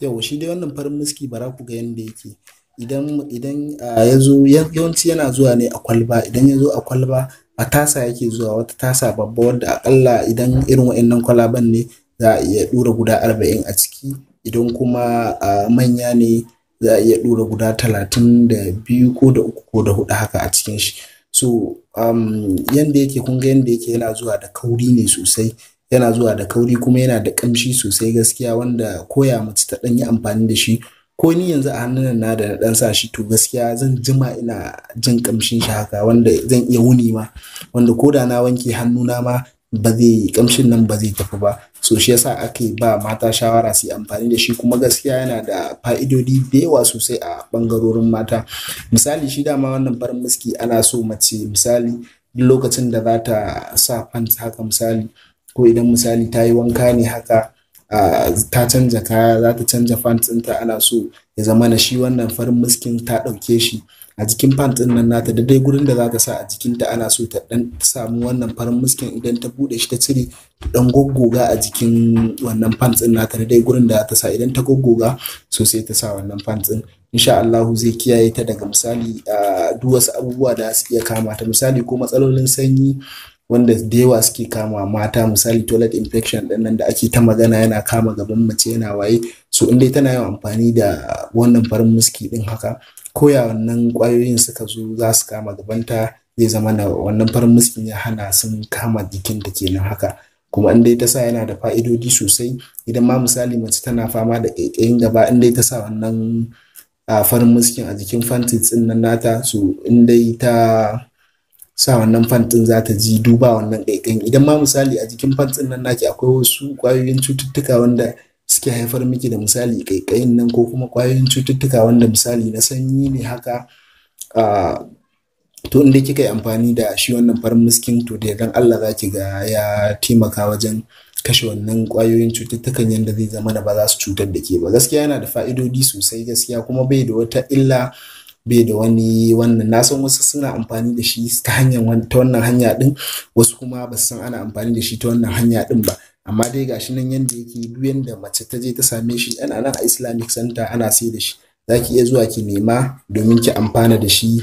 Yau shi dai wannan farin miski bara ku ga yadda yake idan idan ya zo yawanci yana zuwa ne a kwalba idan ya zo a kwalba a tasa yake zuwa wata tasa babba wadda akalla idan irin wa'annan kwalaban ne za a iya dura guda arba'in a ciki idan kuma manya ne za a iya dura guda talatin da biyu ko da uku ko da hudu haka a cikin shi so um, yadda yake kun ga yanda yake yana zuwa da kauri ne sosai yana zuwa da kauri kuma yana da kamshi sosai gaskiya wanda koya mace ta ɗan yi amfani da shi ko ni yanzu a hannun na da na ɗan sa shi to gaskiya zan jima ina jin kamshin shi haka wanda zan iya wuni ma wanda koda na wanke hannu na ma ba zai kamshin nan ba zai tafi ba so shi yasa ake ba mata shawara su yi amfani da shi kuma gaskiya yana da fa'idodi da yawa sosai a bangarorin mata misali shi dama wannan farin miski ana so mace misali lokacin da za ta sa pants haka misali ko idan misali ta yi wanka ne haka ta canza kaya za ta canza pants ɗinta ana so ya zama na shi wannan farin muskin ta ɗauke shi a jikin fantsin ɗin nan nata daidai gurin da za ta sa a jikinta ana so ta ɗan samu wannan farin muskin idan ta buɗe shi ta cire ɗan goggoga a jikin wannan pants ɗin nata daidai gurin da ta sa idan ta goggoga so sai ta sa wannan pants ɗin insha Allahu zai kiyaye ta daga misali duk wasu abubuwa da su iya kama ta misali ko matsalolin sanyi wanda da yawa suke kama mata misali toilet infection din nan da ake ta magana yana kama gaban mace yana waye so in dai tana yawan amfani da wannan farin muski din haka ko ya wannan kwayoyin suka zo za su kama gabanta zai zama na wannan farin muskin ya hana sun kama jikin da kenan haka kuma in dai ta sa yana da fa'idodi sosai idan ma misali mace tana fama da ƙaiƙayin gaba in dai ta sa wannan ah, farin muskin a jikin fantit din nata so in dai ta sa wannan fantin za ta ji duba wannan ƙaiƙayin idan ma misali a jikin fantin nan naki akwai wasu kwayoyin cututtuka wanda suke haifar miki da misali ƙaiƙayin nan ko kuma kwayoyin cututtuka wanda misali na sanyi ne haka to inda kika yi amfani da shi wannan farin miskin to da dan Allah za ki ga ya taimaka wajen kashe wannan kwayoyin cututtukan yadda zai zama da ba za su cutar da ke ba gaskiya yana da fa'idodi sosai gaskiya kuma bai da wata illa bai da wani wannan na san wasu suna amfani da shi ta hanyar ta wannan hanya din wasu kuma ba san ana amfani da shi ta wannan hanya din ba amma dai ga shi nan yanda yake duk yanda mace ta je ta same shi ana nan a Islamic Center ana sai da shi zaki iya zuwa ki nema domin ki amfana da shi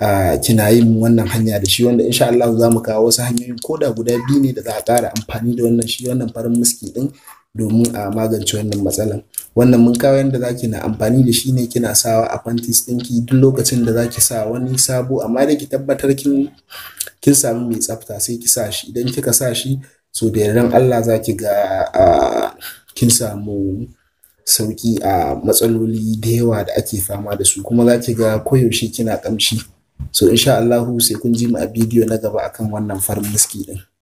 a kina yin wannan hanya da shi wanda insha Allah za mu kawo wasu hanyoyin koda guda biyu ne da za a ƙara amfani da wannan shi wannan farin muski din domin a magance wannan matsalan wannan mun kawo yadda zaki na amfani da shi ne kina sawa a panties ɗinki duk lokacin da zaki sa wani sabo amma da ki tabbatar kin kin samu mai tsafta sai ki sa shi idan kika sa shi so da yardan Allah zaki ga kin samu sauki a matsaloli da yawa da ake fama da su kuma zaki ga koyaushe kina kamshi so insha Allah sai kun ji mu a bidiyo na gaba akan wannan farin miski din